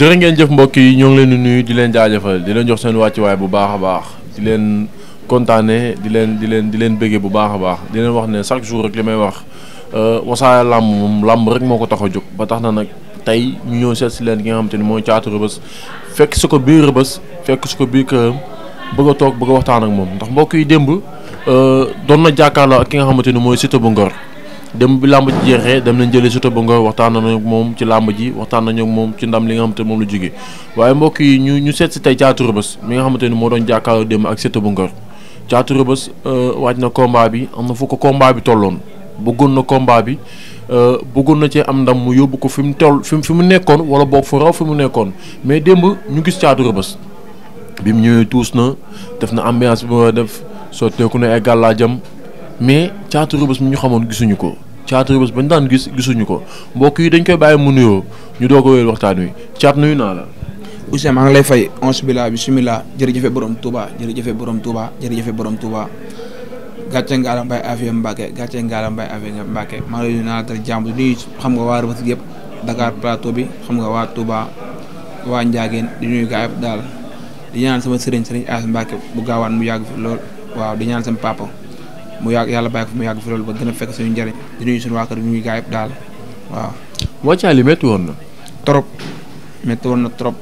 jërë ngeen jëf mbokk yi ñoo ngi leen di nuyu di leen jaajëfal di leen jox seen wàccuwaay bu baax a baax di leen kontaane di leen di leen di leen bëggee bu baax a baax di leen wax ne chaque jour ak li may wax euh, Wassare làmb làmb rek moo ko tax a jóg ba tax na nag tey ñu ñëw seet si leen ki nga xam ni mooy caatu rëbës fekk su ko biir rëbës fekk su ko biir kër bëgg a toog bëgg a waxtaan ak moom ndax mbokk yi démb euh, doon na jàkkaarloo ak ki nga xamante ni mooy Siteu Ngor. démb bi làmb ji jeexee dem nañ jëlee Siteu bu Ngor waxtaan nañu ak moom ci làmb ji waxtaan nañu ak moom ci ndam li nga xamante moom la jógee waaye mbokk yi ñu ñu seet si tey Thiatou Rebeuss mi nga xamante ni moo doon jàkkaarloo démb ak Siteu bu Ngor Thiatou bas euh, waaj na komba bi am na fu ko combat bi tolloon bëggoon na combat bi euh, bëggoon na cee am ndam mu yóbbu ko fi mu toll fi fi mu nekkoon wala boog fu raw fi mu nekkoon mais démb ñu gis Thiatou Rebeuss bi mu ñëwee tuus na def na ambiance bi ma def sotteeku na ay gàllaajam mais Thiatou Rebeuss mi ñu xamoon gisuñu ko Thiatou ba ñu daan gis gisuñu ko mbokk yi dañ koy bàyyi mu nuyoo ñu doog a wéyal waxtaan wi Thiat nuyu naa la. Ousseyn maa ngi lay fay onze bila bisimilah jërëjëfe borom Touba boroom borom jër jërëjëfe boroom Touba gàcce ngaala mbay affaire Mbacke gàcce ngaala mbay affaire Mbacke maa ngi lay nuyu naa tal jàmm di xam nga waa Rebeuss yëpp Dakar plateau bi xam nga waa Touba waa Ndiagen di nuyu gaa yëpp daal di ñaan sama sëriñ sëriñ As Mbacke bu gaawaan mu yàgg lool waaw di ñaan sama mu yàgg yàlla bàyyi ko mu yàgg fi loolu ba gën a fekk suñu njëriñ di nuyu suñu waa kër ñuy gaa daal waaw. wàccaa li métti woon na. trop métti woon na trop.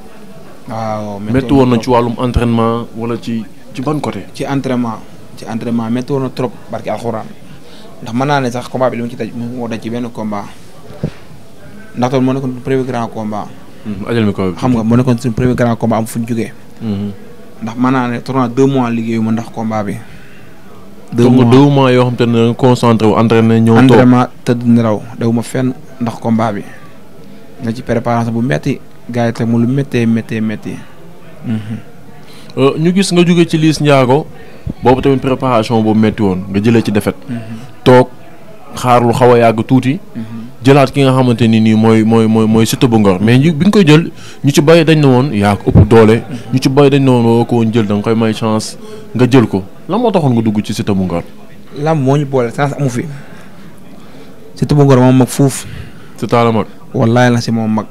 waaw woon na ci wàllum entraînement wala ci ci ban côté. ci entraînement ci entraînement métti woon na trop barki alxuraan ndax mën naa ne sax combat bi li ci daj mu daj ci benn combat ndax tool moo nekkoon premier grand combat. Hmm, ajal mi nga moo nekkoon suñu premier grand combat am fu ñu jógee. Hmm. ndax mën naa ne tournoi deux mois liggéeyu ma ndax combat bi. deux mois deux mois yoo xam te ne concentré wu entraîné ñëw toog entraînement tëdd nelaw daw ma fenn ndax combat bi nga ci préparation bu metti gars mu lu méttee méttee métti. Euh, ñu gis nga jóge ci Liss Ndiago boobu tamit préparation boobu métti woon nga jëlee ci defet mhm. toog xaar lu xaw a yàgg tuuti. Mhm. jëlaat ki nga xamante ni nii mooy mooy mooy mooy Siteu bu Ngor mais ñu bi nga koy jël ñu ci bàyyi dañ ne woon yaa ko ëpp doole. Mhm. ñu ci bàyyi dañ ne woon woo ko woon jël da koy may chance nga jël ko. lan moo taxoon nga dugg ci Siteu bu Ngor. lamb moo ñu boole chance amu fi. Siteu bu Ngor moom mag fuuf. Siteu la mag. wallaahi la si moom mag.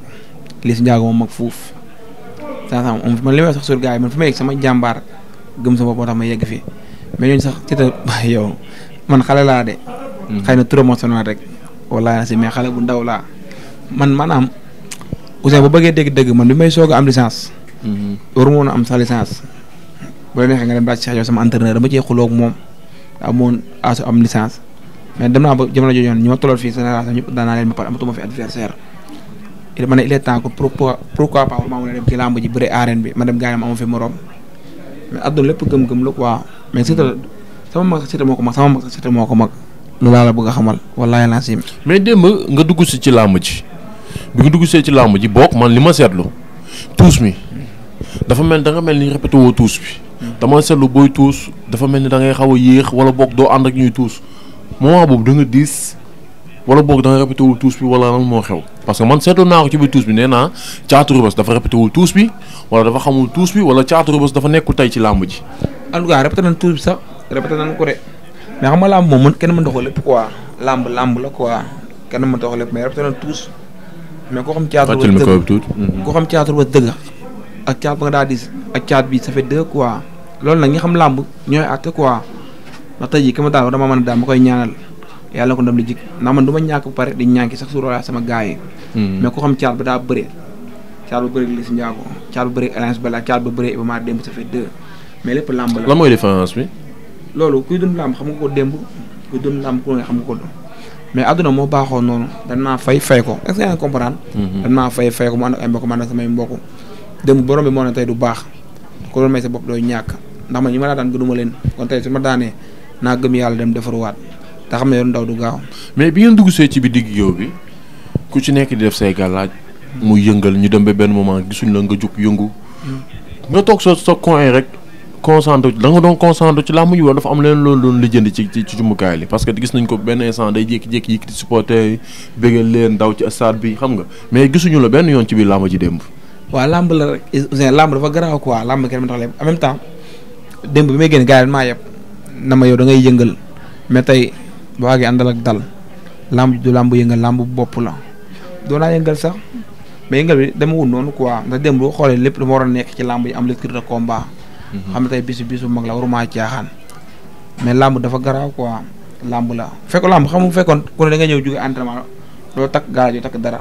lii si njaago moom fuuf. chance amu fi sax sur gars yegg sama jàmbaar gëm sama bopp moo ma yegg fii mais ñooñu sax yow man xale laa de. Hmm. xëy na trop sonal rek. wallaahi la si mais xale bu ndaw laa. man maanaam Ousseyn bu bëggee dégg-dégg man bi may soog am licence. Hmm. waru ma am sax licence. bu la neexee nga dem bàcc Cheikh Diop sama entraîneur dama cee xuloo ak moom amoon asu am licence mais dem naa ba jamono jooju ñu ma tolloon fii génération ñëpp daan naa leen ma pare amatuma fi adversaire a dem ci làmb ji bëre arène bi ma dem gars yi ma amu fi morom mais adduna lépp gëm-gëm la quoi mais Siteu sama ko la bëgg a xamal man li ma seetlu tuus mi dafa mel da nga mel ni répété tuus bi. dama seetlu booy tuus dafa mel ni da ngay xaw a yéex wala boog doo ànd ak ñuy tuus moment boobu da nga diis wala boog da nga wul tuus bi wala lan moo xew parce que man seetlu naa ko ci biir tuus bi nee naa caatu rëbës dafa répété wul tuus bi wala dafa xamul tuus bi wala caatu rëbës dafa nekku tey ci làmb ji. en tout cas répété tuus bi sax répété nañ ko de mais xam nga làmb moom man kenn mën doxal lépp quoi làmb làmb la quoi kenn ma doxal lépp mais répété nañ koo xam caatu rëbës dëgg koo xam caatu rëbës dëgg ak caat ba nga daal di ak caat bi ça fait loolu nag ñi xam làmb ñooy àtte quoi ndax tey jii ki ma daal dama mën a koy ñaanal yàlla ko ndam li jik ndax man du ma ñàkk ba pare di ñànki sax suurala sama gars yi hmm. mais xam caat ba daa ba bëre li si njaago caat ba bëre alliance bala caat ba bëre Ibamaar démb mais lépp làmb la lan mooy différence bi loolu kuy dund làmb xam ko démb kuy dund làmb xam nga ko mais adduna moo baaxoo noonu danaa fay fay ko est-ce que yaa hmm. fay fay ko mu ànd ak ay samay mbokk dem borom bi moo ne tey du baax ko doon may sa bopp dooy ñàkk ndax man ñi ma daa daan gënuma leen kon tey su ma daanee naa gëm yàlla dem defaruwaat te xam ne yoon ndaw du gaaw. mais bi ngeen dugg see ci bi digg yow bi ku ci nekk di def say gàllaaj mu yëngal ñu dem ba benn moment gisuñ la nga jug yëngu. nga toog sa sa coin rek concentré da nga doon concentré ci làmb ji wala dafa am leen loolu doon ci ci ci jumukaay li parce que gis nañ ko benn instant day jékki-jékki yi di supporter bégal leen ndaw ci stade bi xam nga mais gisuñu la benn yoon ci biir làmb ji démb. waa làmb la rek Ouzin làmb dafa garaaw quoi làmb kenn mën tax en même temps démb bi may génn yëpp na yow da ngay yëngal mais tey boo xaagee àndal ak dal làmb du làmb yëngal làmb bopp la doo yëngal sax mais yëngal bi dama wut noonu quoi ndax démb boo xoolee lépp dama war a nekk ci làmb yi am lecture de mhm. xam ne tey bisu bisu mag la waruma caaxaan mais làmb dafa garaaw quoi làmb la fekk làmb xam nga fekkoon ku ne da nga ñëw jóge entraînement doo takk gaal joo takk dara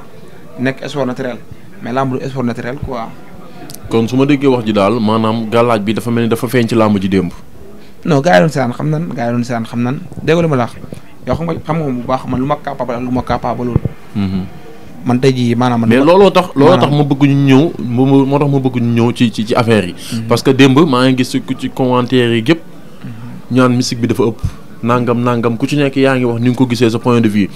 nekk sport naturel. mais làmb du sport naturel kon su ma déggee wax ji daal maanaam gàllaaj bi dafa mel ni dafa feeñ ci làmb ji démb. non gars yi doon seetaan xam nan gars yi doon seetaan xam nan dégg lu ma xam nga xam nga bu baax man lu ma capable ma capable mhm. man tey jii maanaam. man mais looloo tax ma bëgg ñu ñëw moo tax ma bëgg ñu ñëw ci ci ci yi. Mhm. parce que démb maa ngi gis ku ci commentaire yi gépp mhm. ñaan musique bi dafa ëpp. nangam nangam ku ci nekk yaa ngi wax ni nga ko gisee sa point de vue.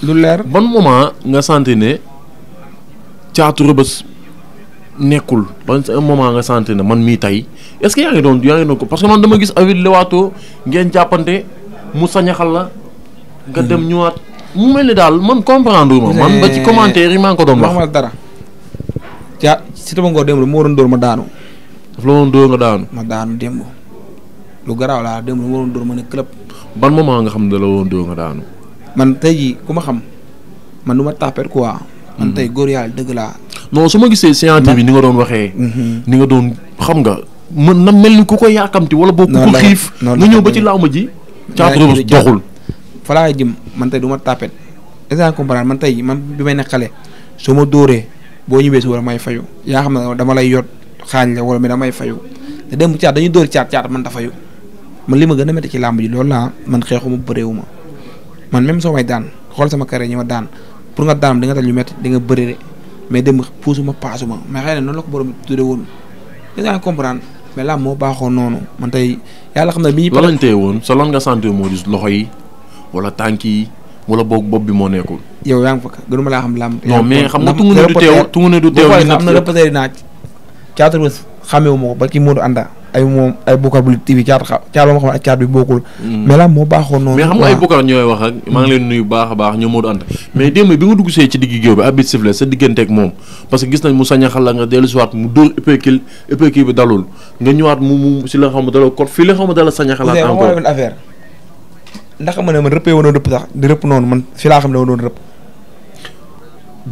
nekkul ba moment nga sentir na man mii tey est-ce yaa ngi doon yaa ngi doon ko parce que man dama gis avec Leewtoo ngeen jàppante mu sañaxal la. nga hmm. dem ñëwaat mu mel ni daal man comprendre ma man ba ci commentaire yi maa ngi ko doon wax. ma dara ja si dama ngoo démb moo waroon dóor ma daanu. daf la waroon dóor nga daanu. ma daanu démb lu garaaw laa démb moo waroon dóor ma ne club. ban moment nga xam ne da la waroon dóor nga daanu. man tey ku ma xam man du ma tàppet quoi. man hmm. tey góor yàlla dëgg laa non su ma gisee scientifique bi ni nga doon waxee. Mhm. ni nga doon xam nga mën na mel ni ku ko yaakamti wala boo ku ko xiif nga ñëw ba ci làmb ji. caatu Rebeuss doxul. fa laay jëm man tey duma ma tàppet est comprendre man tey man bi may nekk xale soo ma dóoree boo ñëwee si wala may fayu yaa xam ne dama lay yot xaañ la wala mais damay fayu te dem caat dañuy dóor caat caat man da fayu man li ma gën a métti ci làmb ji loolu laa man xeexuma bëreewuma man même soo may daan xool sama carré ñi ma daan pour nga daan di nga ñu métti di nga bëri mais dem puusuma paasuma mais xëy na noonu la ko borom tudde woon dinaa comprendre mais là moo baaxoon noonu man tey yàlla xam ne bi ñu. lan lañ woon selon nga santé moo gis loxo yi wala tànk yi wala boog bopp bi moo nekkul. yow yaa ngi fa gënuma laa xam làmb. non mais xam nga tungu ne du teew tungu ne du teew. bu am na reporter naa caatu bés ko ba kii Modou Anda. ay moom ay Boucar bu TV caat xa caat ba ma xam ne ak caat bi bokkul. Mm. mais moo baaxoon noonu. mais xam nga ay Boucar ñooy wax ak. maa ngi leen nuyu baax a baax ñoom moo du ànd. mais démb bi nga dugg see ci digg géew bi abit sa diggante ak a xalaat nga dellu si waat mu dóor épékil épékil bi dalul nga ñëwaat mu si la xam ne daloo kot fii la xam ne dala sañ a xalaat. encore mais affaire ndax ma ne man rëppee woon rëpp sax rëpp noonu man fi laa xam ne woon rëpp.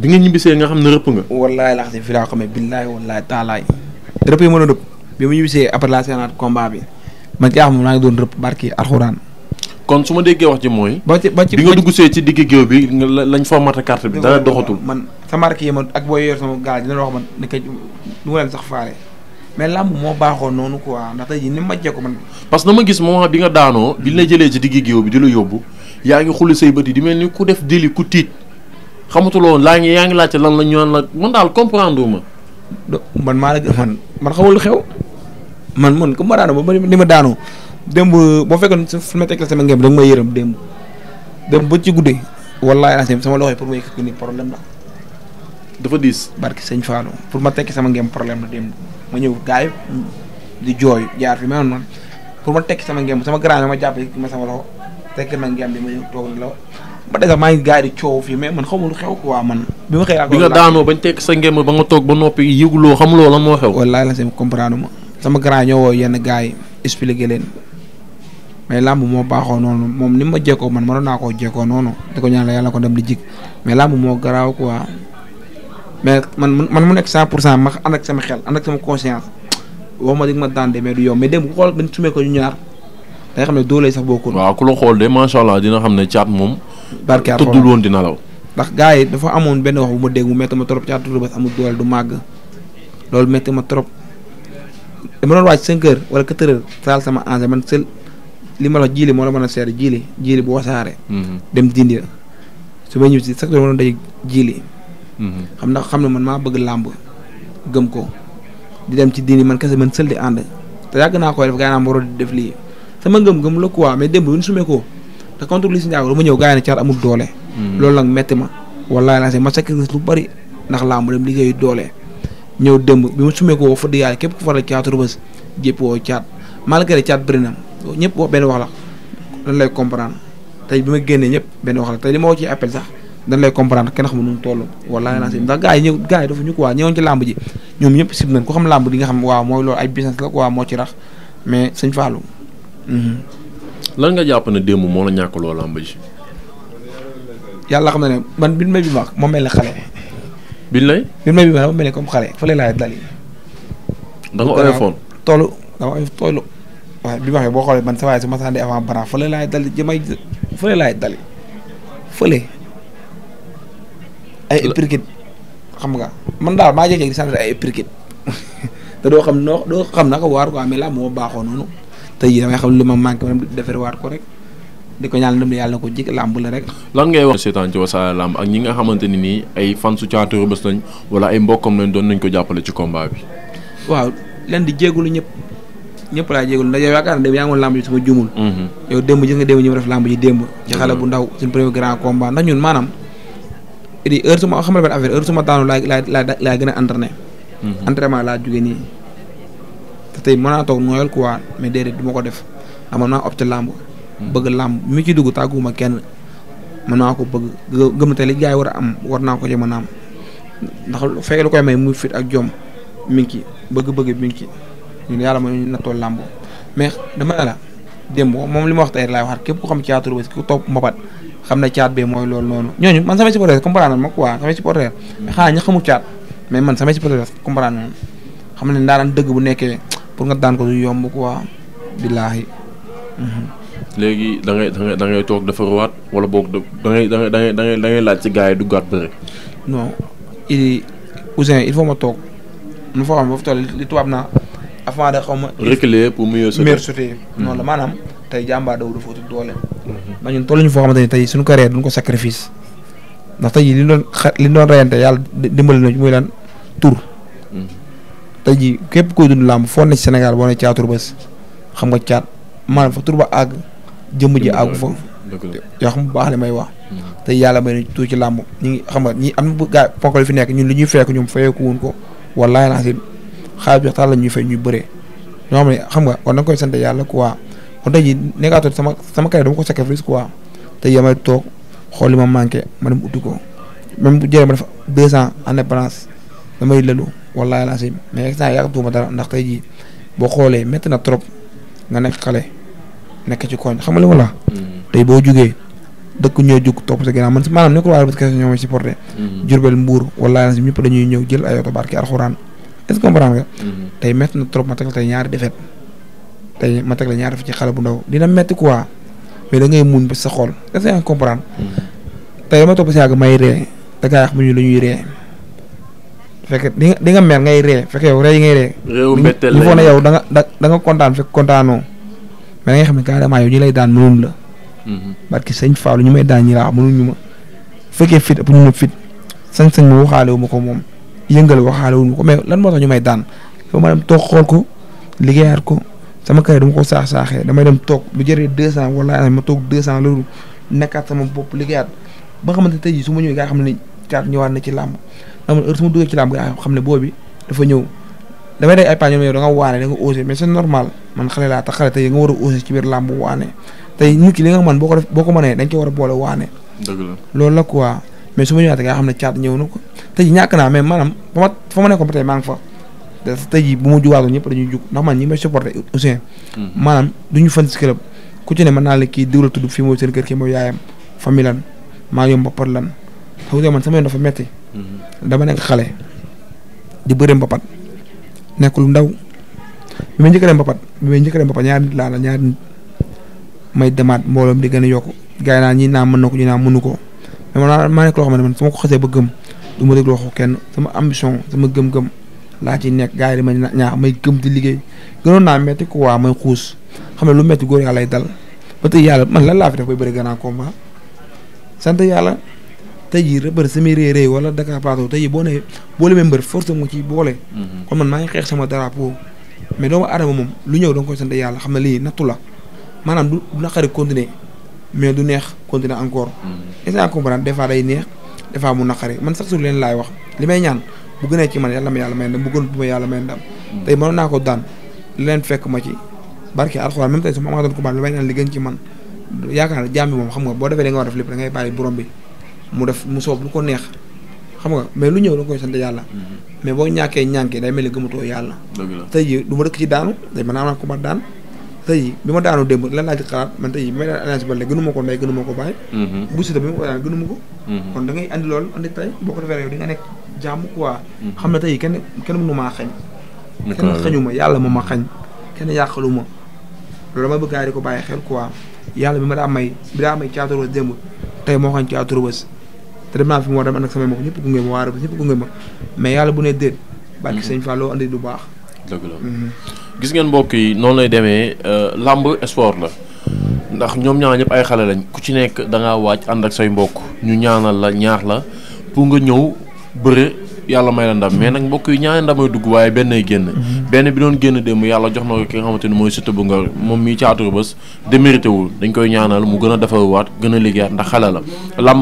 bi nga ñibbisee nga xam ne rëpp nga. wallaay laa xam ne fi laa xamee billaay wallaay taalaay rëpp yi ma doon bi mu ñibbisee après la séenat combat bi man caa xam naa ngi doon rëpp barki alxuraan. kon su ma déggee wax ci mooy. ba ci bi nga dugg see ci digg géew bi lañ formaté carte bi. dara doxatul man sama rakk yi ma ak booy yor sama gaal dina la wax man ne que du ma mais làmb moo baaxoon noonu quoi ndax tey jii ni ma jekko man. parce que ma gis moment bi nga daanoo. bi la jëlee ci digg géew bi di la yóbbu. yaa ngi xulli say bët yi di mel ni ku def dili ku tiit xamatuloo laa ngi yaa ngi laajte lan la ñu naan la man daal comprendre ma. man maa la man man xamul xew. man man comme ma daanoo ba ni ma daanoo démb boo fekkoon su ma teg la sama da nga may yërëm démb démb ci guddee wallaahi lancé sama loxo yi pour ma yëkkati problème dafa diis. barki sëñ Fallou pour ma tekki sama ngeen problème la démb ma ñëw gars di jooy jaar fi ma noonu pour ma tekki sama ngeen sama grand ma jàpp ma sama loxo tekki ma ngeen bi ma ñëw toog la ba a maa ngi gars yi di coow fii mais man xamul xew quoi man. bi ma xëy bi nga daanoo bañ tekki sa ngeen ba nga toog ba noppi yëguloo loo lan moo xew. wallaahi lancé comprendre ma. sama grand ñoo woo yenn gars yi expliqué leen mais làmb moo baaxoo noonu moom ni ma jekkoo man mënoon naa koo jekkoo noonu di ko ñaan la yàlla ko dem di jig mais làmb moo garaaw quoi mais man man mu nekk 100 pour cent ma ànd ak xel ànd ak sama conscience ma dig ma daan mais du yomb dem xool ba sumee ko ñu ñaar day xam ne doole sax bokkul. waaw ku la xool de macha allah dina xam ne caat moom. barke tuddul woon di law ndax gars yi dafa amoon benn wax bu ma dégg mu métti ma trop caat tudd ba amul doole du màgg loolu métti ma trop. dama doon waa cinq heures wala quatre heures sama engrais man seul li ma la wax jiili moo la mën a seetlu jiili jiili bu wasaare. Mm-hmm. dem dindi la su ma ñëw si sax dama mm-hmm. xam na xam ne man maa bëgg làmb gëm ko di dem ci dindi man kese man seul di ànd te naa koy def def lii sama ngëm-ngëm la quoi mais démb duñ sumee ko te contre li si ñëw gaa yi amul doole. Mm-hmm. loolu nag metti ma wallaahi laa see ma sacrifice lu bari ndax lambu dem liggéeyu doole. ñëw dëmb bi mu sumee ko woo fa di yàlla képp ku faral caatu rëbës jépp woo caat na ñëpp wax benn wax la dañ lay comprendre tey bi ma génnee ñëpp benn wax la tey li ma woo ci appel sax dañ lay comprendre kenn xamul nu mu toll wallaahi naa si ndax gars yi ñëw gars yi dafa ñu quoi ci làmb ji ñoom ñëpp sib nañ ko xam làmb di nga xam waaw mooy loolu ay business la quoi moo ci rax mais sëñ Fallou mhm. lan nga jàpp na démb moo la ñàkk loo làmb ji yàlla xam na ne man bi may bi mag ma mel ne biñ lay. bi ma dama mel ni comme xale fële laay dali. da nga oyofoon toolu dama oyof toolu. waaye bi ma waxee boo xoolee ban sa waay su ma sànni avant bara fële laay dali jëmay fële laay dali fële. ay éprikit xam nga man daal maa jege di sant ay éprikit te doo xam noo doo xam naka waar quoi mais là moo baaxoo noonu te yi damay xam lu ma manqué ma dem defarwaat ko rek. di ko ñaan ndam yàlla ko jig làmb la rek lan ngay wax seetaan ci Wassare làmb ak ñi nga xamante ni nii ay fan su Thiatou Rebeuss lañ wala ay mbokkam lañ doon nañ ko jàppale ci combat bi waaw leen di jéegulu ñëpp ñëpp laa jéegulu ndax yow yaakaar na démb yaa ngi woon làmb ji suma jumul mhm. yow démb ñu def bu mhm. ndaw suñu premier grand maanaam di heure suma xamal benn laa laa laa laa gën a mhm. laa jógee nii te tey mën naa toog nooyal quoi mais déedéet du ma ko def amoon naa opté làmb Hmm. bëgg làmb mi ci dugg ma kenn mën naa ko bëgg gëm te li gars yi war a am war naa ko ci ma a ndax lu fekkee lu koy may muy fit ak jom mi ngi ci bëgg-bëgg mi ngi ci ñun yàlla mooy nattoo làmb mais dama ne la démb moom li ma wax tey laay waxaat képp ku xam caatu Rebeuss ku topp mbapat xam ne caat bee mooy loolu noonu ñooñu man samay supporter comprendre ma quoi samay supporter mais xanaa ña xamul caat mais man samay supporter xam ne daan dëgg bu nekkee pour nga daan ko du yomb quoi billaahi mhm. léegi da ngay da ngay da ngay toog defaruwaat wala boog da ngay da da da ngay da ngay laaj ci gars yi duggaat bëre. non il Ouzin il faut ma toog nu fa xam ne foofu toll li tubaab naa avant da xaw ma. reculer pour mieux sauter mieux sauter. Hmm. noonu la maanaam tey jàmbaar daw doole. Hmm. ba ñun tolluñu foo tey suñu carrière duñ ko sacrifice ndax tey li doon reyante yàlla dimbali na muy lan tur. Hmm. tey jii képp kuy dund làmb foo ne ci Sénégal ne caatur bés xam nga caat maanaam fa tur ba àgg. jëmm ji àggu fa yoo xam bu baax li may wax mm. te yàlla may tu ci làmb ñi ngi xam nga ñi am gaa ponkal fi nekk ñun li ñuy fekk ñoom fayeeku woon ko wallaay naa si xaalis jox ñuy fay ñuy bëree ñoo xam ne xam nga war na koy sant yàlla quoi kon tey jii nekkaatoon sama sama carrière dama ko sacrifice quoi te yamay toog xool li ma manqué ma dem uti ko même bu jëlee ma def deux ans indépendance damay lëlu wallaay naa si mais instant yàqatuma dara ndax tey jii boo xoolee métti na trop nga nekk xale nekk ci koñ xam nga li mm. tey boo jugee dëkk ñooy jug topp sa ginnaaw man si maanaam nekkul waa Rebeuss kese ñoom ñooy supporté. Mm. Jurbel Mbuur wala ñëpp ñëw jël ay oto barki alxuraan est-ce que mm. na trop ma teg la tey ñaari defet tey ma ci xale bu ndaw dina métti quoi mais da ngay muñ ba sa xol est-ce que comprendre. tey dama topp si yàgg may ree te ñuy fekk di nga di nga mer ngay ree fekk yow ree yi ree. réew foog ne yow da nga da nga kontaan fekk kontaanoo mais da ngay xam ne carrément yow lay daan mënuñ la. Mhm. barki sëñ Fallou ñu may daan ñi laa mënuñu ma. fekkee fit ëpp ñu ma fit sañ-sañ ma waxaale wu ko moom yëngal waxaale xaale ma ko mais lan moo tax ñu may daan foofu ma dem toog xool ko liggéeyaat ko sama kër dama ko saax saaxee damay dem toog mu jëree deux cent wala ma toog deux cent loolu nekkaat sama bopp liggéeyaat ba nga xamante ne tey jii su ma ñëwee nga xam ne caat ñëwaat na ci làmb xam nga heure su ci làmb nga xam ne boobi dafa ñëw damay day ay paa ñoom yow nga waane da nga osé mais normal man xale laa tax xale nga war a osé ci biir waane tey nit ki nga mën boo ko def boo ko mënee dañ koy war a boole waane. dëgg la loolu la quoi mais ma ñëwaatee nga xam ne caat ñëw na ko tey ñàkk naa mais ma fa ma nekkoon ba tey maa ngi fa tey jii bu ma juwaatoon ñëpp dañuy jug ndax man ñi may supporté mhm. maanaam duñu fan si club ku ci ne mën naa la kii diw la tudd fii mooy seen kër kii mooy yaayam famille lan maa ngi lan mbapat lan xaw man sama yoon dafa meti mhm. dama nekk xale di bëre mbapat nekkul ndaw bi may njëkk a dem mbapat bi may njëkk a dem mbapat ñaari nit laa la ñaari nit may demaat mbooloom di gën a yokk gars yi naa ñi naa mën na ko ñi naa mënu ko mais man maa nekk loo xam ne man su ma ko xasee ba gëm du ma déglu waxu kenn sama ambition sama gëm-gëm laa ciy nekk gars yi di ma ñaax may gëm di liggéey gënoon naa metti ko waa may xuus xam ne lu metti góor yàlla lay dal ba tey yàlla man lan laa fi def bay bëri gànnaaw combat sant yàlla tey jii rëbër semi réy réy wala Dakar Plateau tey jii boo nee boo lemee mbër force ci boole. Mhm. kon man maa ngi xeex sama drapeau. mais doomu aadama moom lu ñëw da nga koy yàlla xam ne lii nattu la maanaam du du neex continuer encore. Mhm. est-ce neex des fois mu naqari man sax su leen laay wax li may ñaan bu ci man yàlla ma yàlla ma yàlla may ndam. Mhm. tey mënoon naa leen fekk ma ci barke alxuraan même tey su man yaakaar naa jaam bi moom xam nga boo defee da nga war def lépp da ngay bàyyi borom bi mu def mu soob lu ko neex xam nga mais lu ñëw da ko koy sant yàlla. Mm-hmm. mais boo ñàkkee ñànkee day mel ni gëmatoo yàlla. dëgg la ma dëkk ci daanu day mën naa am ku ma bi ma daanu démb lan laa ci xalaat man tey bi may daan Alliance Baldé gënu ma ko ndey gënu ko bàyyi. Mm-hmm. bu Siteu bi ma ko daan gënu ma ko. kon da ngay andi loolu andi tey boo ko defee mm-hmm. xam ne tey kenn kenn mënu maa xañ. kenn xañu ma yàlla moom ma xañ kenn yàqalu ma loolu ma bëgg di ko bàyyi xel quoi yàlla bi ma daa may bi daa may caatu tey moo xañ caatu rëbës te dem naa fi mu war a dem ànd ak samay mbokk ñëpp gunge ma waa Rebeuss mais yàlla bu ne déet. barki mhm. sëñ Fallou andi du baax. dëgg la mhm. gis ngeen mbokk yi noonu lay demee euh, làmb sport la. ndax ñoom ñaar ñëpp ay xale lañ ku ci nekk danga ngaa waaj ànd ak say mbokk ñu ñaanal la ñaax la pour nga ñëw bëre. yàlla may la ndam mais nag mbokk yi ñaari ndamay dugg waaye benn ay génn mhm. benn bi doon génn démb yàlla jox na ko ki nga xamante ni moom a defarwaat a liggéeyaat ndax la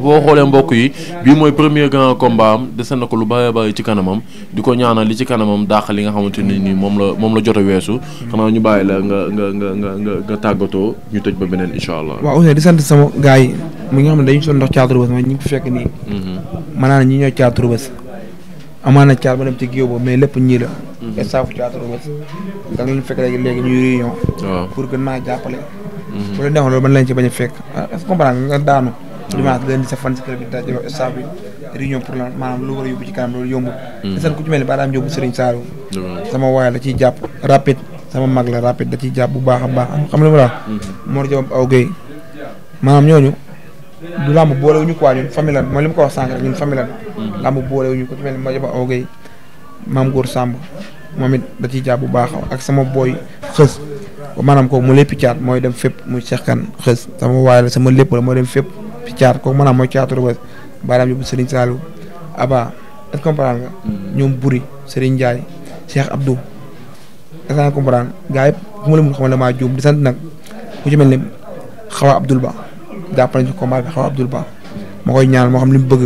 boo xoolee mbokk yi bii mooy premier grand combat am dese na ko lu bëree bëri ci kanamam di ko ñaanal li ci kanamam daax li nga xamante ni nii moom la moom la jot a weesu xanaa ñu bàyyi la nga nga nga nga nga tàggatoo ñu toj ba beneen incha allah waaw di sant sama gaay yi mi nga xam ne dañu soon ndox caatu rëbës ma ñu ngi ko fekk nii. Mm-hmm. maanaam ñi ñooy caatu rëbës amaana caat ba dem ci géew boobu mais lépp ñii la. Mm-hmm. et saafu caatu rëbës. da nga leen fekk léegi ñuy réunion. pour gën maa jàppale. bu mm-hmm. la neexoon loolu mën lañ ci bañ a fekk ah, est-ce que comprendre nga daanu. dimanche leen di sa fan si kër bi daje ba staff bi réunion pour lan maanaam lu war a yóbbu ci kanam loolu yombul. te ku ci mel ne Baaraam Diop Serigne Saliou. sama waay la ciy jàpp rapide sama mag la rapide da ciy jàpp bu baax a baax xam nga lu ma la wax. Mor Diop aw Guèye maanaam ñooñu du làmb boolewuñu quoi ñun famille ko wax sànq rek ñun famille ko ci mel ni Madiaba Ogey maam Góor Samb moom it da ciy jàpp bu baax ak sama booy xës maanaam kooku mu lépp caat mooy dem fépp muy Cheikh Kane xës sama waay la sama lépp la mooy dem fépp ci caat kooku maanaam mooy caatu Rebeuss baaraam yóbbu Serigne Saliou bu hmm. ma la mën a xamal damaa juum di sant nag ku ci mel ni Xawa Abdoul Ba. jàppale ci combat bi xaw Abdoul Ba ma koy ñaanal moo xam li mu bëgg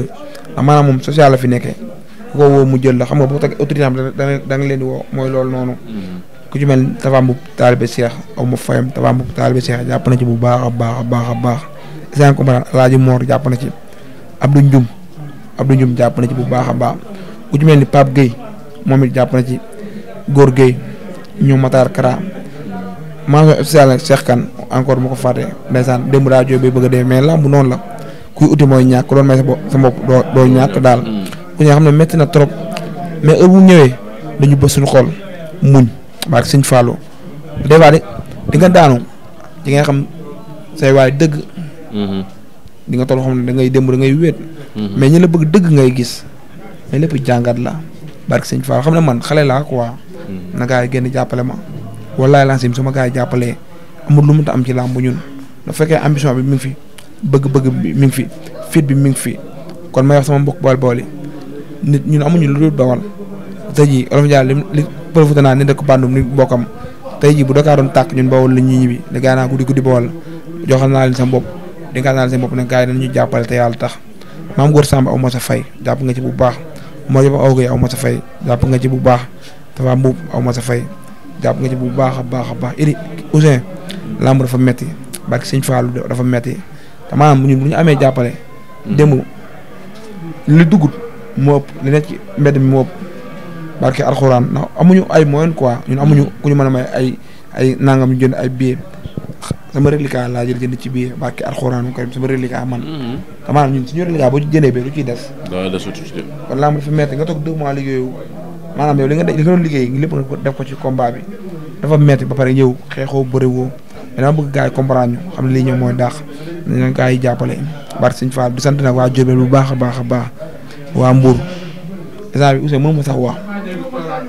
ndax moom social la fi nekkee ku ko woo mu jël la xam nga bu ko teg autorité am da nga leen di woo mooy loolu noonu. Mm-hmm. ku ci mel Tapha Mboup taalibe Cheikh aw ma fayam Tapha Mboup taalibe Cheikh jàpp na ci bu baax a baax a baax a baax isaan comprendre Alaaji Moor jàpp na ci Abdou Ndioum Abdou Ndioum jàpp na ci bu baax a baax ku ci mel ni Pape Gueye moom it jàpp na ci Góor Gueye ñoom Matar Kara maa spéciale nag Cheikh encore mu ko fàtte ndeysaan démb daa jooy bëgg a mais lamb noonu la kuy uti mooy ñàkk loolu may sa bopp doo doo ñàkk daal. Mm. ku ñu xam ne métti na trop mais heure bu ñëwee dañu bës Sëñ Fallou des nga daanu di nga xam say waay dëgg. Mm-hmm. di nga toll xam ne da ngay démb da ngay wéet. Mm-hmm. mais ñi la bëgg dëgg ngay gis mais lépp jàngat la barke Sëñ Fallou xam ne man xale laa quoi. Mm-hmm. na gaa yi génn jàppale ma. walaay lancim sama gars yi jàppalee amul lu mu ta am ci làmb ñun bu fekkee ambition bi mi ngi fi bëgg-bëgg bi mi ngi fi fit bi mi ngi fi kon ma wax sama mbokk bool bool yi nit ñun amuñu lu dul bawal tey jii olof Ndiaye li li profité naa ni dëkk Bandoum ni bokkam tey jii bu Dakar tàkk ñun bawal la ñuy ñibbi ne gaa naa guddi guddi bawal joxal naa leen sama bopp dénkaat naa leen sama bopp ne gaa yi dañuy jàppale te yàlla tax maam Góor Samba aw ma sa fay jàpp nga ci bu baax moo yëpp aw gay aw ma sa fay jàpp nga ci bu baax te dafa mbuub aw ma sa fay jàpp nga ci bu baax a baax a baax Idi Ousseyn lamb dafa metti barke Sëñ Fallou dafa metti te maanaam bu ñu bu ñu amee jàppale. Hmm. démb li dugut moo ëpp li nekk ci mbedd mi moo ëpp barke alxuraan ndax amuñu ay mooy quoi ñun amuñu hmm. ku ñu mën a may ay ay nangam ñu jënd ay billet sama reliquat laa jël jënd ci billet barke alxuraan karim sama reliquat man. Hmm. te maanaam ñun suñu reliquat boo ci jëndee ba lu ciy des. waaw des tuuti dafa metti nga toog deux mois liggéeyu maanaam yow li nga li nga liggéey lépp nga def ko ci combat bi dafa metti ba pare yow xeexoo bëriwoo mais dama bëgg gars yi comprendre ñu xam ne lii ñoom mooy daax nañ gars yi jàppale barke Sëñ Fall di sant nag waa Diourbel bu baax a baax a baax waa Mbour instant bi Ousseyn mënu ma sax wax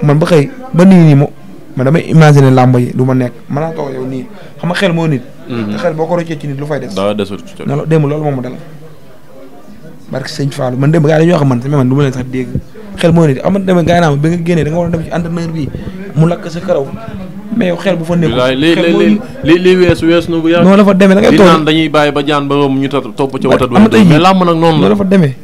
man ba xëy ba nii nii ma ma damay imaginer làmb yi du ma nekk mën naa toog yow nii xam nga xel moo nit. Mhm. te xel boo ko roccee ci nit lu fay des. daaw desul ci loolu moom mu dal barke Sëñ Fall man démb gars yi dañoo xam man man du ma leen sax dégg. xel moo nit ama demee gars yi naa bi nga génnee da war a dem ci entraîneur bi mu lakk sa karaw mais xel bu fa nekkul li li li weesu weesu na bu yàgg noonu la fa demee da ba jaan ba mu ñu topp ci watat la la fa demee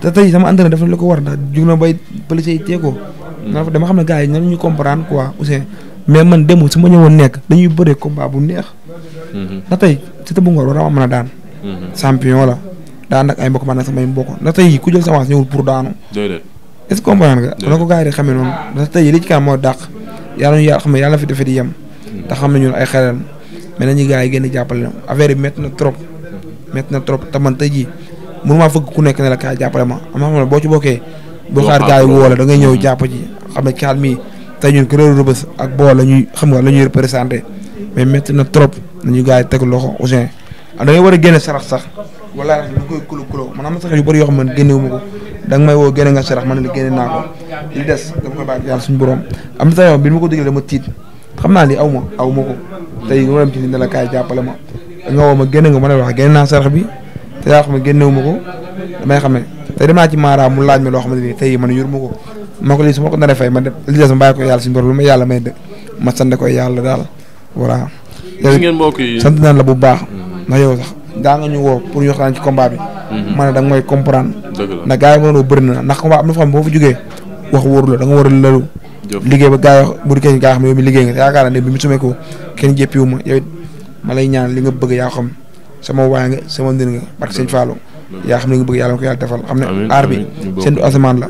te tey sama entraîneur dafa la ko war ndax jug na bay police yi teekoo hmm. noonu la fa dama xam ne gars yi ñu comprendre quoi Ousseyn mais man demu su ma ñëwoon nekk dañuy bëree combat bu neex hmm. ndax tey si ta bu ngoor war a mën a daan hmm. champion la daan nag ay mbokk samay mbokk ndax tey ku jël sa avance ñëwul pour daanu es ce a comprendre nga. dëgg la ko gars di xamee noonu parce que kanam moo dàq yàlla ñu yàlla xam ne yàlla fi defee di yem. te xam ñun ay xelal mais yi gën a affaire yi métti na trop métti na trop te man tey jii mënumaa fëgg ku nekk ne la kaay jàppale ma am xam ne boo ci bokkee. boo xaar gars yi woo la da ngay ñëw jàpp ci xam ne caal mii tey ñun kuréelu rëbës ak boo la ñuy xam nga la ñuy représenté mais métti na trop nañu gars yi teg loxo Ouzin ah, da ngay war a génne sarax sax wala lu koy kulo kulo man na sax yu bëri yoo xam ne génnewuma ko da may woo génne nga sarax man ne la génne naa ko li des dama koy bàyyi yàlla suñu am na sa yoon bi ma ko déggee ma tiit xam naa li aw ma aw ma ko tey ma dem ci ne la kaay jàppale ma nga woo ma génne nga ma ne naa sarax bi yaa xam ne génnewu ma ko damay xam ne tey demaa ci maaraam mu laaj ma loo xamante ni tey man yor ma ko ma ko lii su ma fay ma def li ma bàyyi ko yàlla suñu borom lu ma yàlla may de ma sant ko yàlla daal voilà. gis ngeen mbokk yi la bu baax na yow sax daa nga ñu woo pour ñu waxtaan ci combat bi Mm-hmm. ma ne da nga mooy comprendre ndax gars yi mënoon bëri na ndax combat am na fa xam boo fa jógee wax wóoru la da nga war liggéey ba gars yi bu kenn mi liggéey nga te yaakaar naa ne bi mu sumee ko kenn jéppiwu lay ñaan li nga bëgg yaa xam sama waay sama ndin nga barke sëñ yaa xam ne nga bëgg yàlla ko yàlla defal xam ne aar bi seen du asamaan la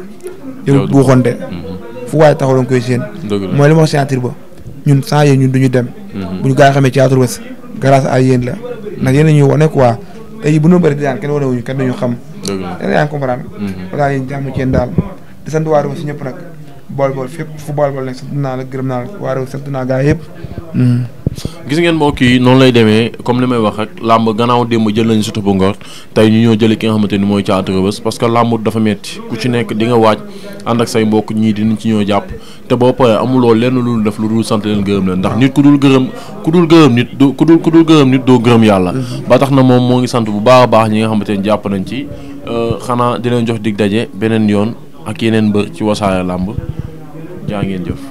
yow buuxonte mm-hmm. fu waaye taxaw la nga koy séen mooy li ma wax ba ñun sans yéen ñun duñu dem mm-hmm. bu ñu gaa yi xamee théâtre Wes grâce à yéen la ndax yéen la ñuy wane quoi tey jii bu ñu bëri di daan kenn wane wuñu kenn duñu xam. dëgg la yaa ngi daal mhm. yéen jàmm ci daal di sant waa réew si ñëpp nag bool bool fépp fu naa la gërëm naa la waa réew naa gaa yëpp. Mhm. gis ngeen mbokk yi noonu lay demee comme li may wax rek làmb gannaaw démb jël nañu surtout bu ngor tey ñu ñoo jëlee ki nga xamante ni mooy Thiatou Rebeuss parce que làmb dafa metti ku ci nekk di nga waaj ànd ak say mbokk ñii dinañ ci ñoo jàpp te boo paree amuloo lenn lu dul def lu dul sant leen gërëm leen ndax nit ku dul gërëm ku dul gërëm nit du ku ku dul gërëm nit doo gërëm yàlla ba tax na moom moo ngi sant bu baax baax ñi nga xamante ni jàpp nañ ci euh, xanaa di leen jox dig daje beneen yoon ak yeneen mbër ci wasaare làmb jaa ngeen jëf